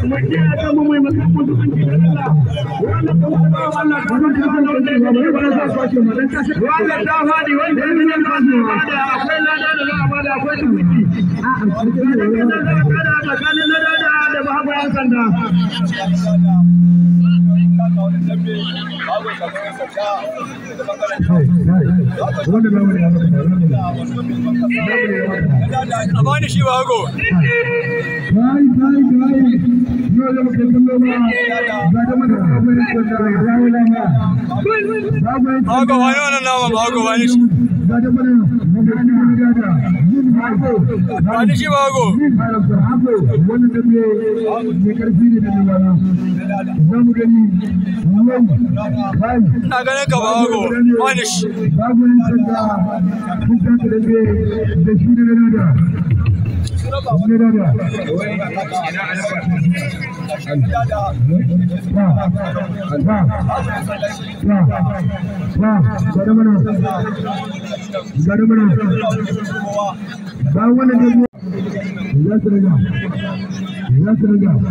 ya zama mai makamun da sun gida Allah wanda da, wata ba Allah ta zan kasan da wanda ya bari ba za su kwace da dan wanda ta fadi wanda ya zama da su da akwai lada da za a bada akwai tukuti a a cikin da za a kada tsakanin lada da ba bayan sanda a bani shi nama ba hago shi wani shi ba go wani da ne mai karfi ne da dubara za mu gani yau na ganin ka ba go wani shi ba go yin sanda kun ta da shi da da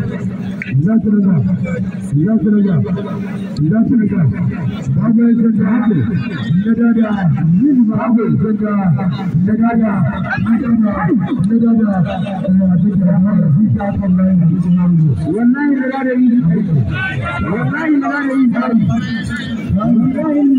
Za Güzelsinizler. Güzelsinizler. Güzelsinizler. Bazıları sözü hakkı. Ne dedi? Yüz hakkı. da. ne dedi? Ne dedi? Vallahi neler iyi. Vallahi neler iyi. Vallahi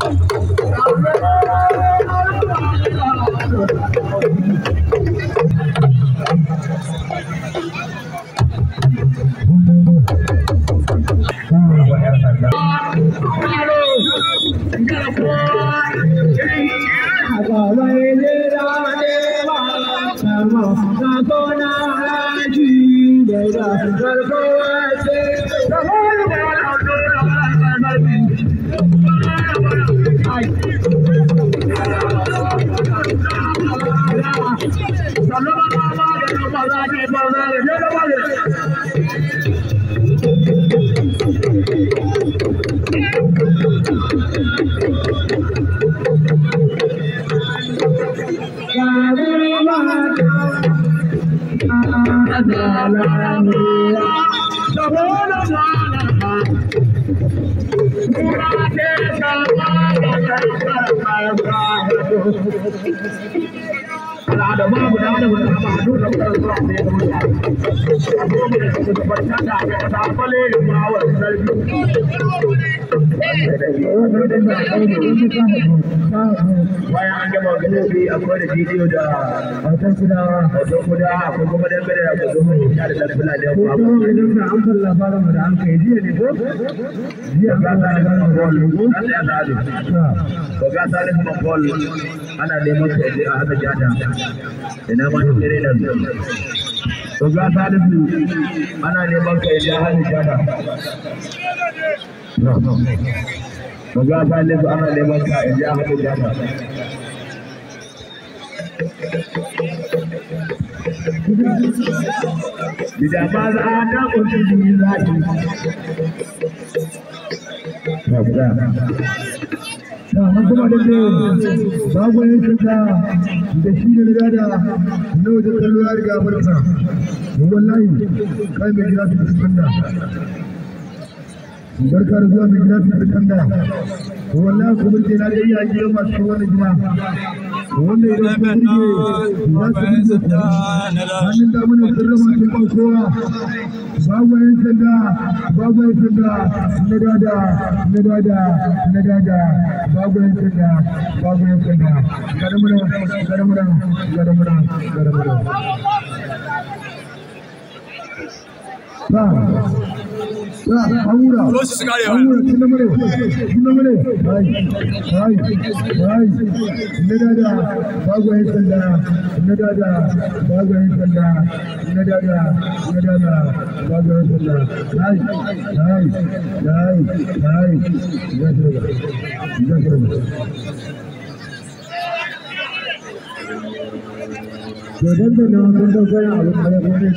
Thank you. ماڻهڻ اڏا لاهو al'adama guda da wani al'adu da kuka zuwa ne da da su da da da bayan an gama gano bi akwai da bidiyo da hoton kudawa da da da da an fara da da da ana neman su a haka jada ina ma ta kere da zuwa to ga salisu ana neman kai da hali shada to ga salisu ana neman ka in ja hali shada Bida ba za a ta kunshi jini zaki. Yabda. Da, kuma da ke, ba gwanin cuta da shi da riga da na wajen kallo ya riga barka? wallahi kai mai gina su kanda barka da zuwa mai gina su kanda wallahi kuma ke na iya a gidan masu wani gida wanda idan kuma ke za su yi da hannun damunan sun rama sun kowa bagwayen sanda bagwayen sanda na dada na dada na dada bagwayen sanda bagwayen sanda garamura garamura garamura garamura Aura. Aura su kare wa. Aura tun namare. Tun namare. Bai. Bai. Bai. Na dada bago yin sanda. Na dada bago yin sanda. Na dada na dada bago yin ya dandana ya gode da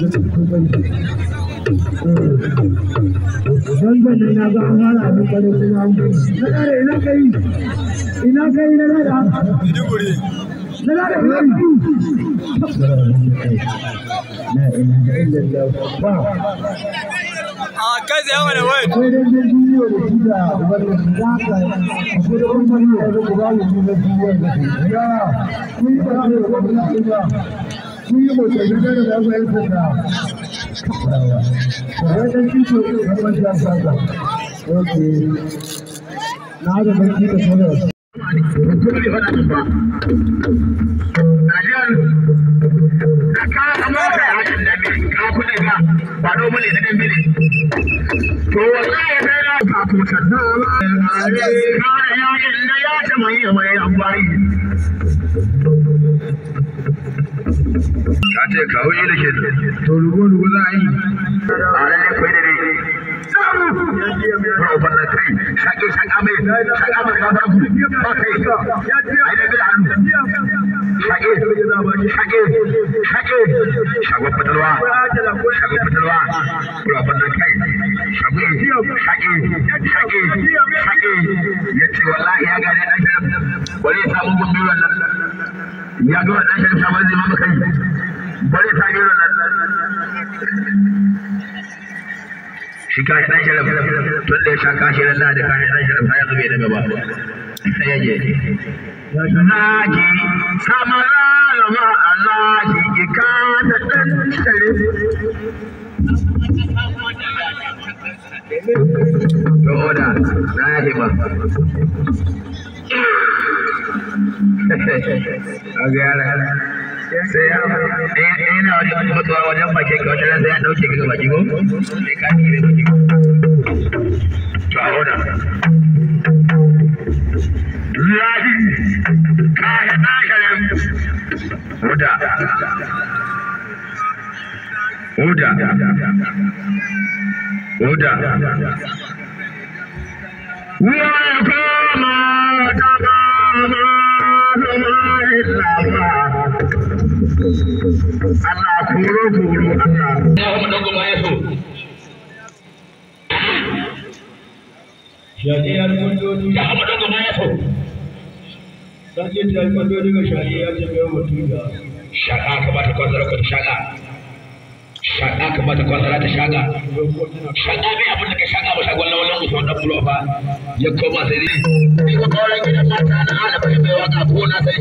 cikin banki dandana na ina kai ina kai da yi kiwo da da ya sata ok na da banki da na da ya ta a ce kawo yi da ke to rugo-rugo za a yi a ranar kwai da dai samu rofar da kai shaƙi shaƙa mai shaƙa mai ka zaku ba kai ainihin bi da hannu shaƙe shaƙe shaƙe shagon fitarwa shagon fitarwa da kai shaƙe shaƙe shaƙe shaƙe ya ce wallahi ya gane ɗan shirin wani ya samu gumbi wannan ya ga wannan shirin sabon zai mamakai बड़े फायदे हो ना शिकायत नहीं चल रही है तुम देश का शेर ना देखा है नहीं चल रहा है तो भी नहीं बात है ये जी Naji samala sai ya yana eh, eh, wajen a wannan lahi Allah koro ku gudu Allah Allahumma dogo ma yaso dogo ma yaso sarki ta kondoni ga shari'a ta bai shaka kamata kwazara ta shaka shaka kamata kwazara ta shaka shaka bai abin da ka shaka ba shagon lawalan wannan bulo ya koma sai ne ko gidan mata na halaba bai waka sai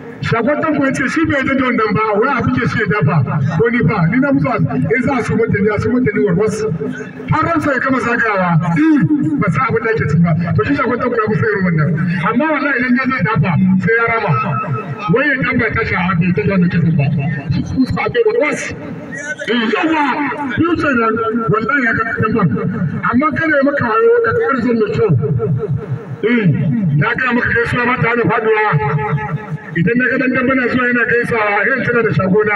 sakwaton kuwa ce shi bai da wannan ba wani abin ke shi dafa ko ni ba ni na mutu in za su mutane ya su mutane warwas har ran sai kama sagawa ba sa abin da ke ci ba to shi sakwaton kuwa ku sai ruwan nan amma wallahi idan ya zai dafa sai ya rama wai ya dafa ta sha abin ta da nake ba su su abin warwas eh, yawa yuce nan wallahi ya kama dafa amma kada ya maka hayo da karfin da kyau eh, na ga maka gaisuwa ba ta da faduwa idan na ga dan dan bana zuwa yana sa irin tana da shagona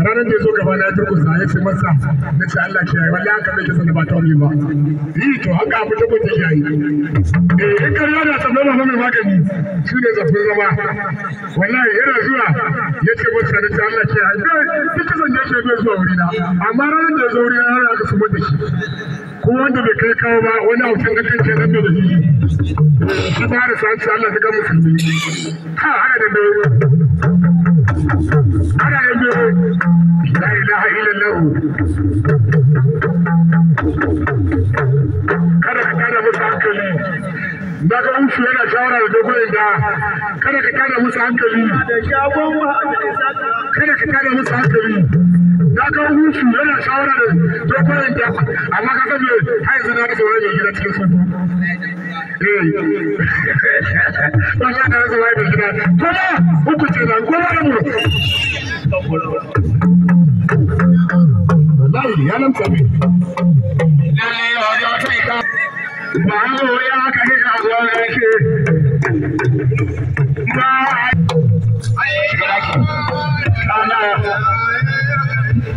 ranar da ya zo gaba na durkusa ya ce masa na ce Allah ke yi wallahi haka nake sanin ba ta wani ba yi to haka abu da mutum ya yi eh in kariya da sabbin ba mai magani shi ne zafin zama wallahi yana zuwa ya ce masa na ce Allah ke yi duk kasance shi bai zuwa wurina amma ranar da ya zo wurina ya haka su mutu shi ko wanda bai kai kawo ba wani abu can kakan ce rabbe da shi shi ba da sa'ad Allah ta ga musulmi ha ana da bai ana da bai la ilaha illallah kada ka kada musu hankali da ga musu yana shawara da dogon da kada ka kada musu hankali kada ka kada musu hankali na ga hutu yana shawara da dokokin da amma ka san har yanzu na rasa wani gida cikin su ba za ka rasa wani gida kuma ne a zuwa na yake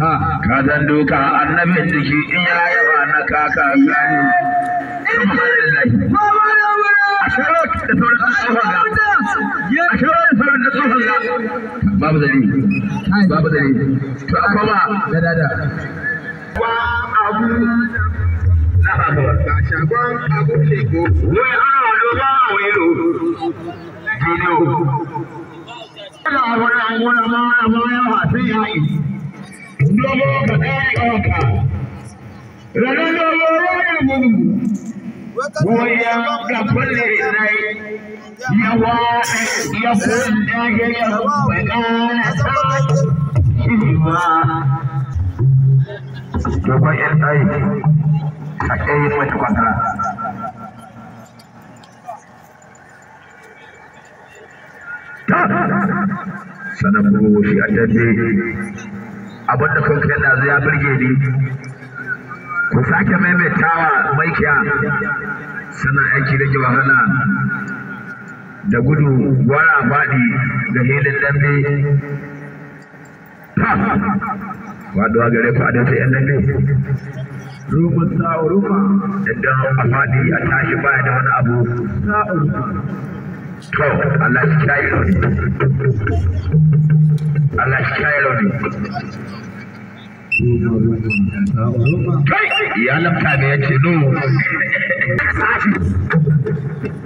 ka zan duka annabin jiki in ya yaba na kaka gani babu babu da da da dogo ka kai ɗauka. Rana dogo wani gudu, goya ka kulle rai, yawa ya kunda ya yi baƙa na sa shirma. Dogon ‘yan ɗayi, a ƙayi mata kwantara. Sanan bugu shi a daidai abin da kuka yadda ya birge ni ku sake maimaitawa maikiya suna aiki da jawahana da gudu gwara faɗi da hilin dambe waduwa gare ku a yan dambe rufin sa'urufa yadda a faɗi a tashi baya da wani abu to Allah shi kyayi Allah shi kare rauni kai ya lafta da yace no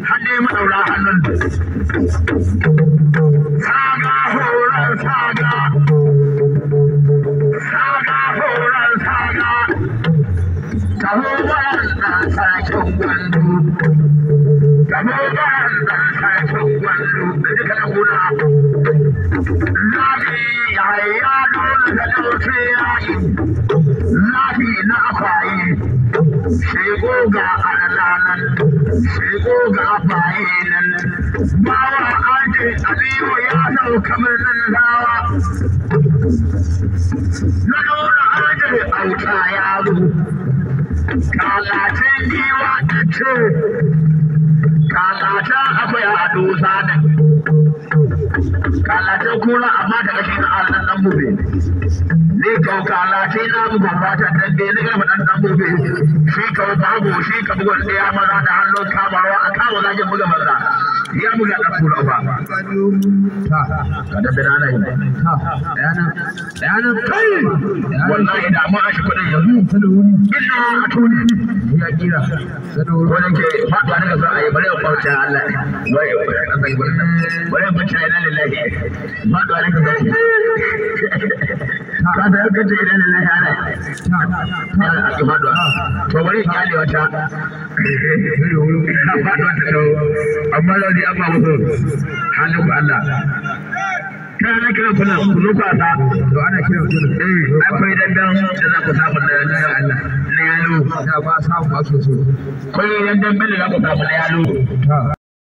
hannu ya madaura hannun saga horon saga shigo ga alalanan shigo ga bayanan bawa ake aliyu ya dauka birnin rawa na dora ake auta yaro kalacin giwa ta ce kalacin akwai a dusa ne kalacin kura amma daga shi na allah gobe ne kau ka lati na bugun wata dan ne ga mu dan shi shi ka bugun tsaya maza da hannun kamarwa a kawo zagin buga maza ya buga dan kula ba ka da bira na yi yana yana da mu ashi kudin yanzu a tuni ya kira wannan ke fata ne ka a yi Allah wai wai wai wai wai wai wai wai wai wai wai wai wai wai kada ya kace idan na yare kada a ki faduwa to bari in kyale wata na faduwa ta tau amma zaudi an ba musu halin ku Allah kana na kira kuna kunu kwasa to ana kira kunu eh akwai dandan da za ku samu da Allah na yalo da ba samu ba su so kai dandan da za ku samu na yalo